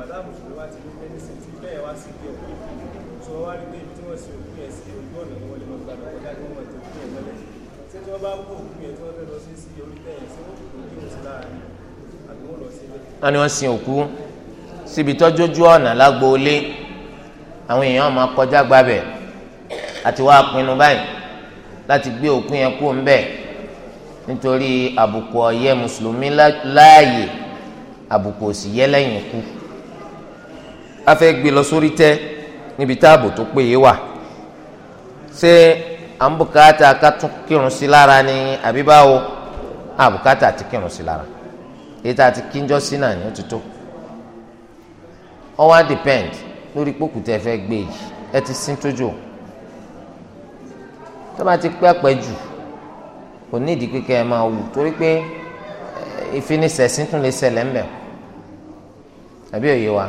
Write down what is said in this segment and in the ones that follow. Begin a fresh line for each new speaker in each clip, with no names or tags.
gbàdá mùsùlùmí wá ti ní mẹ́dísìn tí bẹ́ẹ̀ wá sí bí ọ̀pọ̀ ìfì tí wọ́n wá rí pé tí wọ́n sì òkú ẹ̀ sí ojú ọ̀nà ni wọ́n lè máa gbàdá kọjá ní wọ́n ti òkú ẹ̀ mẹ́lẹ̀ tí wọ́n bá kú òkú yẹn tí wọ́n fẹ́ lọ sí sí orí tẹ̀yìn sí wọ́n kò kí òsì lára ni àbí lọ sí ilé. wọ́n ní wọ́n sin òkú síbi tọ́jú ojú ọ̀nà lágboolé àwọn èèyàn máa kọjá gbabẹ̀ àti wá pinnu báyìí láti gbé òkú yẹn kú ń nítorí àbùkù ọ̀yẹ́ mùsùlùmí láàyè àbùkù òsì yẹ́ lẹ́yìn ikú. a fẹ́ gbé lọ sórí tẹ́ níbi táàbù tó péye wà ṣé à ń bùkátà ká tún kírun sí lára ni àbí báwo à bùkátà ti kírun sí lára èyí tá a ti kíjọ́ sí náà ni ó ti tó ó depend lórí pòkù tẹ́ fẹ́ gbé yìí ẹ ti sin tójú tó bá ti pẹ́ jù kò ní ìdí pé kẹ́ ẹ máa wù torí pé eh, ìfinisẹ̀sìn tún lè ṣẹlẹ̀ ńbẹ̀ àbí òye wa.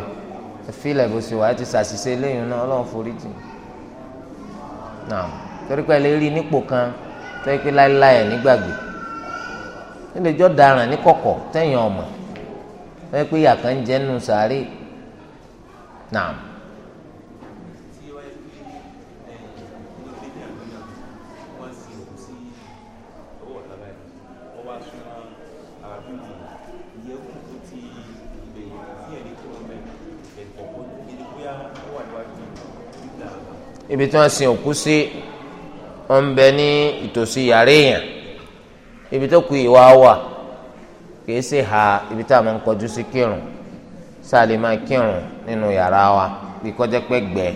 fílẹ̀ bó ṣe wà á ti ṣàṣìṣe lẹ́yìn náà ọlọ́run forí jì náà torí pé ẹ lè rí nípò kan tó yẹ pé láéláé ẹ̀ nígbàgbé nílé jọ́ daràn ní kọ̀kọ̀ tẹ̀yìn ọmọ tó pé ìyà jẹ́ nù sáré náà. ibi tí wọ́n sin òkú sí wọ́n ń bẹ ní ìtòsí yàrá èèyàn ibi tó kù ìwà wà kìí ṣe ha ibi tá a máa ń kọjú sí kírun sáà lè máa kírun nínú yàrá wa bí kọjá pé gbẹ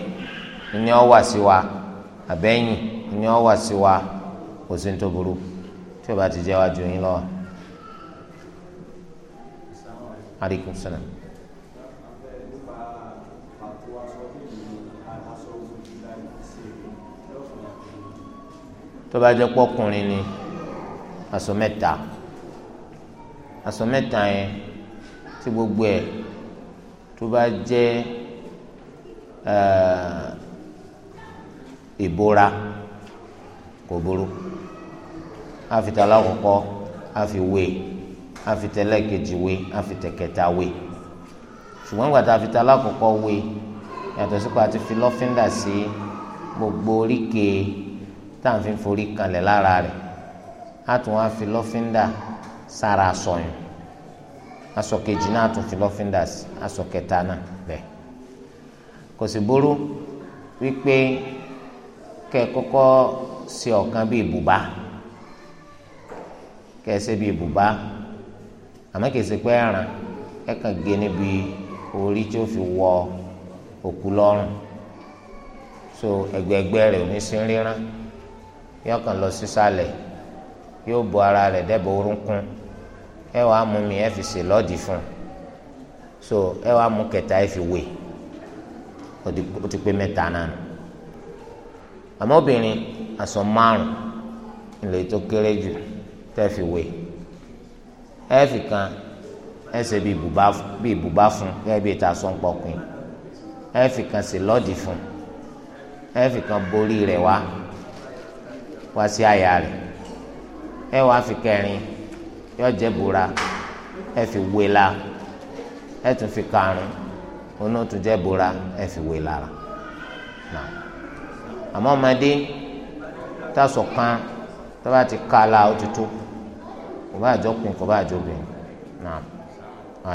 ni ọ wà sí wa àbẹ́yìn ni ọ wà sí wa kò sí ní tó burú tí o bá ti jẹ́ wájú yín lọ́wọ́. Alaikum salaam. tó bá jẹ́ pọ́kùnrin ni aṣọ mẹ́ta aṣọ mẹ́ta yẹn tí gbogbo ẹ̀ tó bá jẹ́ eh, ìbora kò burú àfitẹ alákọ̀ọ́kọ́ àfiwé àfitẹ lẹ́ẹ̀kejì wé àfitẹ kẹta wé ṣùgbọ́n gbàtà àfitẹ alákọ̀ọ́kọ́ wé yàtọ̀ sípò àti fi sí gbogbo oríkèé. tá à fi forí kanlẹ̀ lára rẹ̀ á tún wá fi lọ́fíńdà sára aṣọyún aṣọ kejì náà á tún fi lọ́fíńdà aṣọ kẹta náà bẹ́ẹ̀ kò sì burú wípé kẹ kọ́kọ́ ṣe ọ̀kan bíi bùbá kẹ́ ẹ ṣe bíi bùbá àmọ́ kìí ṣe pé ẹran ẹ kàn gé e níbi orí tí ó fi wọ òkú lọ́rùn so ẹgbẹẹgbẹ rẹ ò ní sí ríran yóò kàn lọ sísàlẹ̀ yóò bo ara rẹ̀ dẹ́bọ̀ orúnkún ẹ wàá mú mi ẹ fi sè lọ́ọ̀dì fún un so ẹ wàá mú kẹta ẹ fi wè ó ti pé mẹ́ta náà àmọ́ obìnrin aṣọ márùn ilé tó kéré jù tẹ́ fi wè ẹ fi kan ẹ ṣe bí ibùbá fún gẹ́gẹ́ bí ìta sọ ń pọkùn ẹ fi kan sè lọ́ọ̀dì fún ẹ fi kan borí rẹ̀ wá wá sí àyà rẹ̀ ẹ wàá fi kẹrin yọ jẹ bùra ẹ fi wé la ẹ tún fi karùn onú tún jẹ bùra ẹ fi wé lára àmọ́ ọmọdé tásọ̀ kan tó bá ti ká la ó ti tó kò bá àjọkùn kò bá àjọbìn náà wàá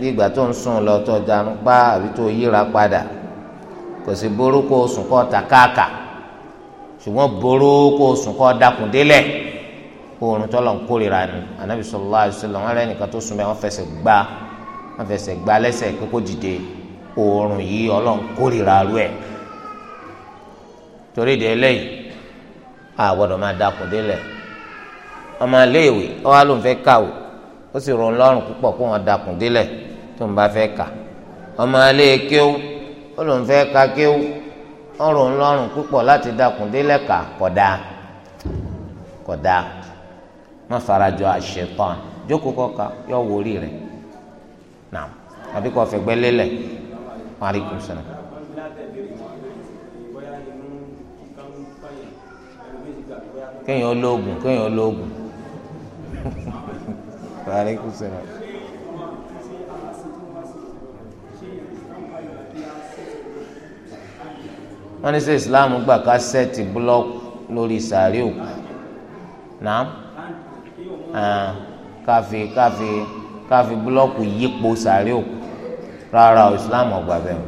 bí ìgbà tó ń sùn lọ tó dànù pa àbí tó yíra padà kò sí ború kó sùn kó ta káàkà ṣùgbọ́n ború kó sùn kó dákun délẹ̀ kó oorun tó lọ ń kórìíra ni anabi sallallahu alaihi wasallam wọn rẹ nìkan tó sùn bẹ́ẹ̀ wọ́n fẹsẹ̀ gbá wọ́n fẹsẹ̀ gbá lẹ́sẹ̀ pé kó dìde oorun yìí Ọlọ́run kórìíra rú ẹ̀ torí de eléyìí a gbọ́dọ̀ máa dákun délẹ̀ ọmọ iléèwé ọwọ́ ló ń fẹ́ kàwé ó sì rọ̀ ọ́ lọ́rùn púpọ̀ kó wọn dákun tó ń bá fẹ́ kà ọmọ alẹ́ kéwú ó lòún fẹ́ ka kéwú ọrùn ńlọrùn púpọ̀ láti dakùn délẹ̀ kà kọ̀dá kọ̀dá má farajọ àṣetán jókòó kọ́ka yọ wòlíì rẹ̀ nà àbí kò fẹ̀gbẹ́ wọ́n ní sẹ́ islam gbà ká sẹ́ẹ̀tì búlọ́ọ̀kù lórí sàárè òkú náà ah, káfi káfi káfi búlọ́ọ̀kù yípo sàárè òkú rárá o islam ọgbà bẹ́ẹ̀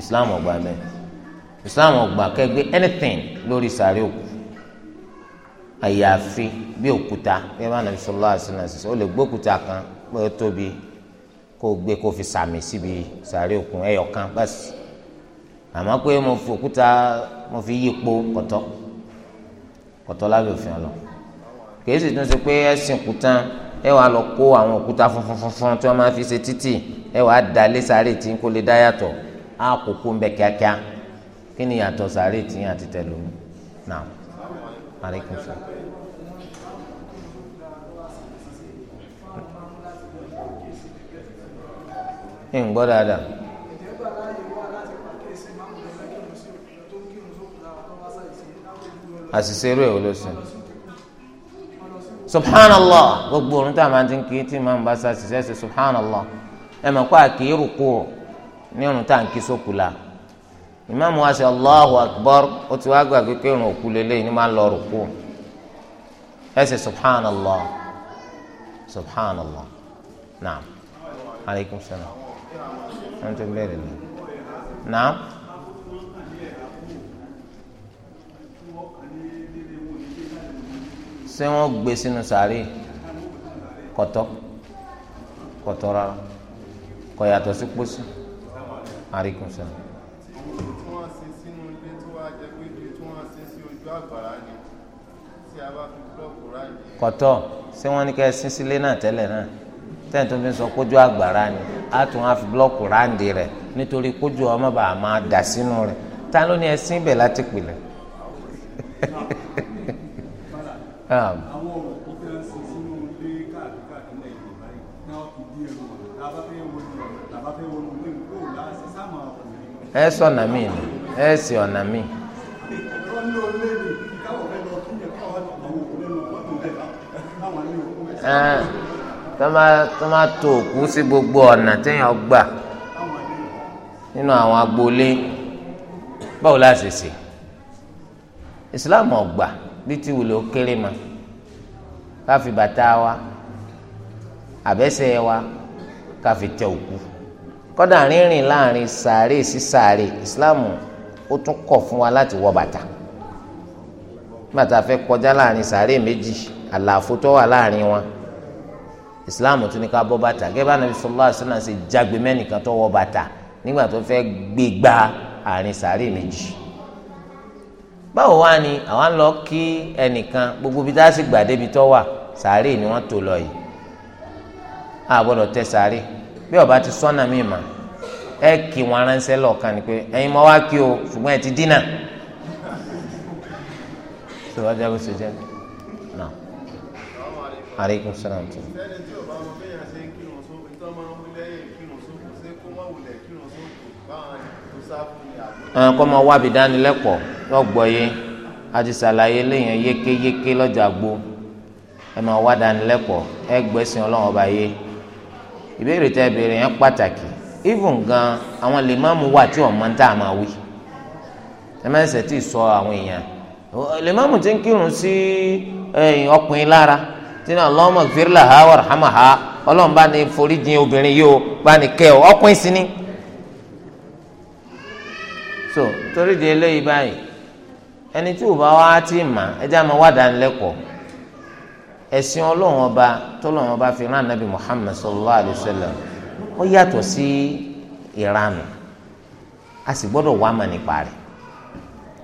islam ọgbà bẹ́ẹ̀ islam ọgbà kẹgbẹ́ anything lórí sàárè òkú àyàfi bí òkúta bí ẹ bá nàbí sallallahu alaihi wasallam ó lè gbókúta kan pé ó tóbi kó gbé kó fi sàmì síbi sàárè òkú ẹyọ kan báyìí àmọ́ pé mo fi òkúta mo fi yí po kọ̀tọ́ kọ̀tọ́ lábẹ́ òfin ọ̀lọ́ kìí sì tún ṣe pé ẹ̀sìn òkúta ẹ wàá lọ kó àwọn òkúta funfun funfun tí wọ́n máa fi ṣe títì ẹ wàá da lé sáré tí kò lè dá yàtọ̀ á kókó ń bẹ kíákíá kí ni yàtọ̀ sáré tí àti tẹ̀lómi náà alaikum salaam. ń gbọ́ dáadáa. àṣìṣe irú ẹ̀ wò ló sùn subhanallah gbogbo orun tá a máa ti ń kí tí màá ń bá ṣàṣìṣe ṣe subhanallah ẹ mọ̀ pé àkìrù kù ní irun tá à ń kí sókù la ìmáàmù wa ṣe allahu akbar ó ti wá gbàgbé pé irun òkú lélẹ́yìn ni máa lọ rùkú ẹ ṣe subhanallah subhanallah naam aleykum salaam. ṣé wọ́n gbé sínú sàárè kọ̀tọ́ kọ̀tọ́ rárá kọ̀ yàtọ̀ sí pósí àríkùn sọ. kọ̀tọ́ ṣé wọ́n ní ká ẹ sín sílé náà tẹ́lẹ̀ náà tẹ́yìn tó fi sọ kójú àgbàrá ni a tún á fi blọ́ọ̀kù ráǹdì rẹ̀ nítorí kójú ọmọ bàá máa dà sínú rẹ̀ ta ló ní ẹ sín bẹ̀ láti pìlẹ̀. Um, àwọn ọ̀rọ̀ tó fẹ́ ń sọ sínú ilé káàkiri káàkiri ilẹ̀ Yorùbá yìí náà fi dí ẹnu ọ̀nà tàbá fẹ́ wo mi ni ẹ ọ̀nà mi. tọ́mà tó òkú sí gbogbo ọ̀nà téèyàn gbà nínú àwọn agboolé báwo la ṣe ṣe Islam ò gbà bí ti wùlò kéré ma káfi bàtà wa àbẹ́sẹ̀ wa káfi tẹ òkú kọ́dà rínrìn láàrin sàárè sí sàárè ìsìláàmù ó tún kọ̀ fún wa láti wọ bàtà bàtà fẹ́ kọjá láàrin sàárè méjì àlàfo tó wà láàrin wọn ìsìláàmù tún ní ká bọ́ bàtà gẹ́gẹ́ bá nàbí sọlá àṣìlá ṣe jágbe mẹ́nìkan tó wọ bàtà nígbà tó fẹ́ gbégbá àárín sàárè méjì báwo wá ni àwa ń lọ kí ẹnìkan gbogbo bí dáhà sí gbà débi tó wà sàárè ni wọ́n tó lọ yìí a gbọ́dọ̀ tẹ sàárè bí ọba ti sọ́nà mí mà ẹ kí wọn aránṣẹ́ lọ́ọ̀kan ni pé ẹ̀yin mọ́ wá kí o ṣùgbọ́n ẹ ti dínà tó wájú àbí sojá náà aleykum salaam tó. dánilẹ́kọ̀ọ́. lọ́gbọ̀ọ́yé àti sàlàyé lẹ́yìn yékéyéké lọ́jà gbó ẹ máa wá ẹ ọba ìbéèrè tẹ yẹn pàtàkì even gan àwọn lè mú wà tí ọ̀ ń tà wí ẹ máa sọ àwọn èèyàn lè mú tí ń kírun sí ọkùnrin lára ha bá ní so torí di eléyìí báyìí. ẹni tí ò bá wá ti mà ẹjẹ́ àmọ́ wà dánilẹ́kọ̀ọ́ ẹ̀sìn ọlọ́run ọba tọ́lọ́run ọba fi rán anabi Muhammad sallallahu alayhi wa sallam ó si sí ìranù a sì gbọdọ wá mà nípa rẹ̀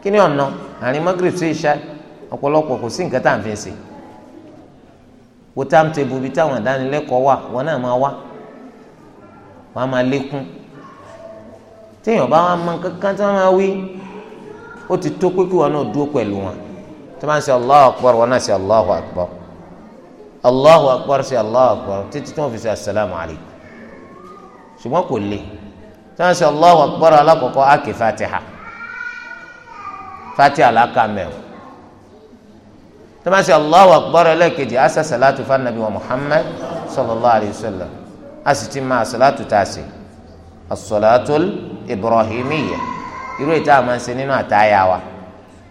kí ni ọ̀nà àárín Maghrib sí Isha ọ̀pọ̀lọpọ̀ kò sí nǹkan tá à ń ibi táwọn ìdánilẹ́kọ̀ọ́ wà wọn náà máa wá wọn á máa lékún téèyàn bá ó ti tó pé kí wọn náà dúró pẹ̀lú wọn tó máa ń ṣe Allahu akbar wọn náà ṣe Allahu akbar Allahu akbar ṣe Allahu akbar títí tí wọn fi ṣe asalaamu alaykum ṣùgbọ́n kò le tó máa ń ṣe Allahu akbar alákọ̀ọ́kọ́ ákè fatiha fatiha alákàmẹ́wò tó máa ń ṣe Allahu akbar ẹlẹ́kejì asa salatu fa wa Muhammad sallallahu alayhi wa sallam a salatu taasi asalatul ibrahimiyya irú ètò àmà ń ṣe nínú àtàyà wa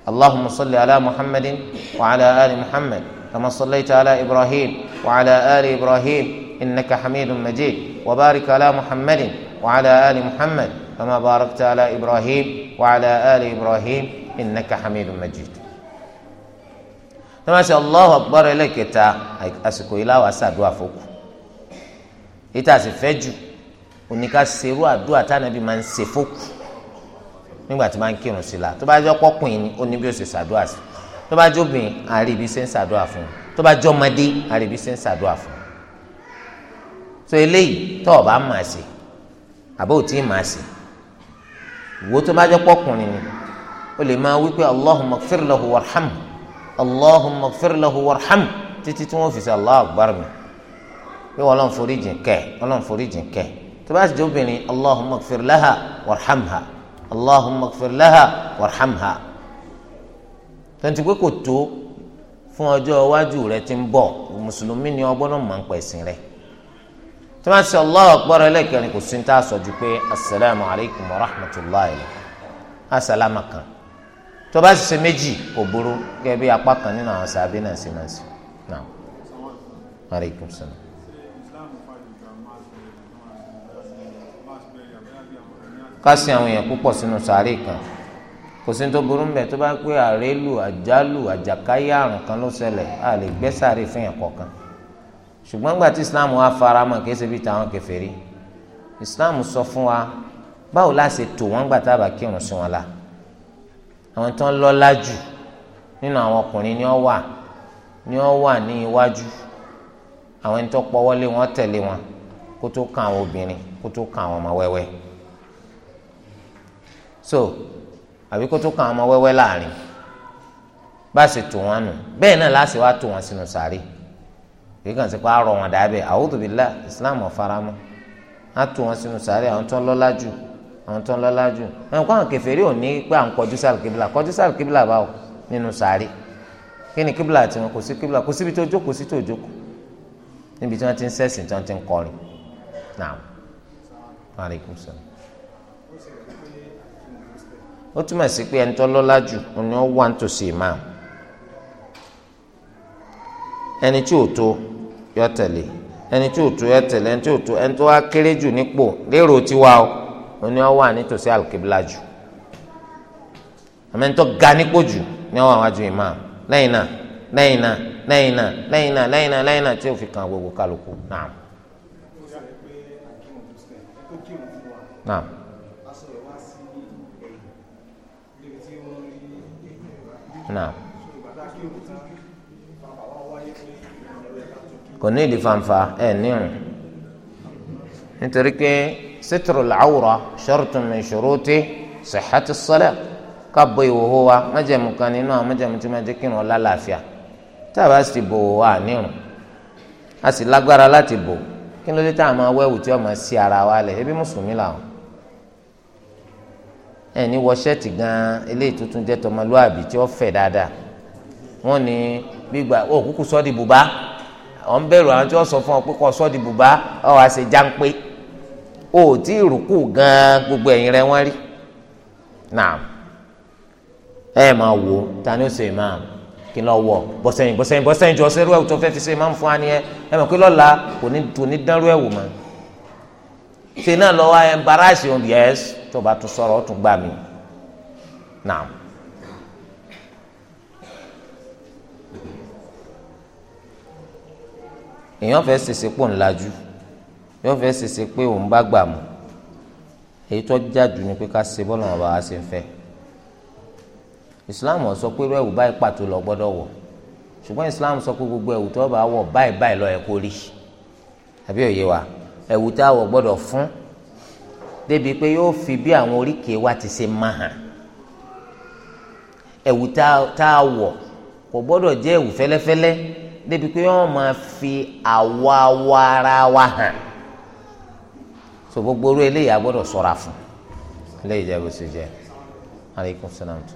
allahumma salli ala muhammadin wa ala ali muhammad kama sallaita ala ibrahim wa ala ali ibrahim innaka hamidun majid wa barik ala muhammadin wa ala ali muhammad kama barakta ala ibrahim wa ala ali ibrahim innaka hamidun majid. tọ́lá ṣe allahu akbar ẹlẹ́kẹta àsìkò yìí láwàá ṣàdúrà fọ́kù yìí tá a sì fẹ́ jù oníkà ṣerú àdúrà tánàbí nígbà tí máa ń kírun sí la tó bá jẹ́ ọkùnrin ni ó ní bí ó ṣe ṣàdúrà sí tó bá jóbìn àárí ibi ṣe ń ṣàdúrà fún un tó bá jọmọdé àárí ibi ṣe ń ṣàdúrà fún un so eléyìí tó o bá máa ṣe àbó tí ì máa ṣe ìwọ tó bá jẹ́ ọkùnrin ni ó lè máa wí pé allahumma lahu warhamhu allahumma ighfir lahu warhamhu títí tí wọ́n fi ṣe allah akbar mi pé ọlọ́run foríjìn kẹ́ ọlọ́run foríjìn kẹ́ tó bá sì allahumma ighfir laha warhamha tonti pé kò tó fún ọjọ́ iwájú rẹ ti ń bọ̀ mùsùlùmí ni ọ gbọ́dọ̀ máa ń pẹ̀sìn rẹ tí wọ́n ti Allahu akbar ẹlẹ́kẹrin kò sí ní tá a sọ ju pé asalaamu alaykum wa rahmatulahi asalaamu kan tó bá ti ṣe méjì kò burú gẹ́gẹ́ bí apá kan nínú àwọn sábẹ́ náà ṣe náà aleykum kásì àwọn èèyàn púpọ̀ sínú sàárè kan kò sí tó burú mbẹ tó bá pé àrélù àjálù àjàkáyé àrùn kan ló ṣẹlẹ̀ a lè gbẹ́ sàárè fún yàn kọ̀ọ̀kan ṣùgbọ́n gbà tí islam wa faramọ̀ kì í ṣe bí tàwọn kèfèrí islam sọ fún wa báwo la ṣe tò wọ́n gbà tá a bá kírun sí wọn la àwọn tó ń lọ́lá jù nínú àwọn ọkùnrin ni wọ́n wà ni wọ́n wà ní iwájú àwọn ẹni tó pọ́wọ́lé wọn tẹ̀lé wọn kó tó kàn àwọn obìnrin kó tó kàn àwọn ọmọ wẹ́wẹ́. so àbí kó tó kàn ọmọ wẹ́wẹ́ láàrin bá a sì tù wọn nù bẹ́ẹ̀ náà láti wá tù wọn sínú sàárè èyí kàn sí pé àárọ̀ wọn dàbẹ̀ a'udhu billahi islam ọ̀faramọ́ á tù wọn sínú sàárè àwọn tó ń lọ́lá jù àwọn tó ń lọ́lá jù ẹ̀wọ̀n kọ́ àwọn kèfèrí ò ní pé à ń kọjú sáàlù kíbla kọjú sáàlù kíbla báwo nínú sàárè kí ni kíbla tiwọn kò sí kíbla kò síbi tó jókòó sí tó jókòó níbi tí wọ́n ti ń sẹ́sìn tí wọ́n ti ń kọrin náà alaikum salaam. ó túmọ̀ sí pé ẹni tó lọ́lá jù ni ó wà nítòsí imam ẹni tí ò tó yọ tẹ̀lé ẹni tí ò tó yọ tẹ̀lé ẹni tí ò tó ẹni tó wá kéré jù nípò lérò tiwa o ni ó wà nítòsí alùkébílà jù àmọ́ ẹni tó ga nípò jù ni ó wà wájú imam lẹ́yìn náà lẹ́yìn náà lẹ́yìn náà lẹ́yìn náà lẹ́yìn náà lẹ́yìn náà tí ó fi kan gbogbo kálukú náà. náà kò ní ìdí fanfa ẹ níhùn nítorí pé sítúrù làwùrọ̀ shartun min shuruti sihhati salat ká bo ìhòhò wa májẹ̀mú kan nínú àwọn májẹ̀mú tí máa jẹ́ kírun ọlá làáfíà tá a bá sì bo ìhòhò wa níhùn a sì lágbára láti bò kí ló dé tá a máa tí ó máa sí ara wa lẹ̀ ebi mùsùlùmí làwọn ẹ ní wọ ṣẹ́ẹ̀tì gan eléyìí tuntun jẹ́ tọmọlúwàbí tí ó fẹ̀ dáadáa wọ́n ní gbígbà ó kúkú sọ́ di bùbá ọ̀ ń bẹ̀rù àwọn tí wọ́n sọ fún ọ pé kọ́ sọ́ di bùbá ọ̀ wá ṣe jáńpé ó tí ì rùkú gan gbogbo ẹ̀yìn rẹ̀ wọ́n rí náà ẹ máa wò ó ta ni ó ṣe máa kí n lọ wọ bọ́sẹ̀yìn bọ́sẹ̀yìn bọ́sẹ̀yìn jọ ṣerú ẹ̀wù tó fẹ́ fi ṣe máa ń fún wa ni ẹ ẹ mọ̀ pé lọ́la kò ní dánrú ẹ̀wù mọ́ ṣe náà lọ́wọ́ ẹ̀ ń bará ṣe òun yẹ́sì tó bá tún sọ̀rọ̀ ó tún gbà mí naam. èèyàn fẹ́ ṣèṣe pò ńlájú èèyàn fẹ́ ṣèṣe pé òun bá gbà mú èyí tó jáde ni pé ká ṣe bọ́ọ̀lù wọn bá ṣe ń fẹ́ islam sọ pé irú ẹ̀wù báyìí pàtó lọ gbọ́dọ̀ wọ̀ ṣùgbọ́n islam sọ pé gbogbo ẹ̀wù tó bá wọ̀ báyìí báyìí lọ ẹ̀ kó rí àbí òye wa ẹ̀wù tá a wọ̀ gbọ́dọ̀ fún débi pé yóò fi bí àwọn oríkèé wa ti ṣe máa hàn ẹ̀wù tá a wọ̀ kò gbọ́dọ̀ jẹ́ ẹ̀wù fẹ́lẹ́fẹ́lẹ́ débi pé wọ́n máa fi àwọ̀ awọ ara wa hàn so gbogbo orí eléyìí a gbọ́dọ̀ fún eléyìí jẹ́ bó ṣe jẹ́ aleykum salaam tó.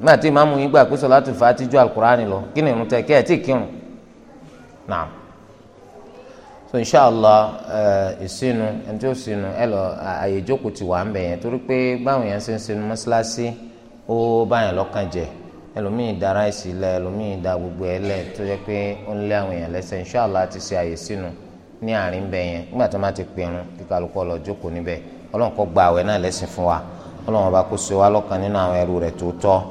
nígbà tí ìmáàmù yín gbà pé sọláàtù fàátì ju alukurani lọ kí ni irun tẹ kí ẹ tí kírun náà so inshallah eh, ìsinu ẹni tí ó sinu ẹ lọ àyè ìjókòó ti wà ń bẹ yẹn torí pé báwọn yẹn ṣe ń sinu mọ́ṣáláṣí ó báyẹn lọ́kàn jẹ ẹlòmíì da ráìsì lẹ ẹlòmíì gbogbo ẹ lẹ tó pé ó ń lé àwọn sinu ní àárín bẹ yẹn nígbà tó ti pinnu kíkọ lọ jókòó ọlọ́run gba àwẹ̀ náà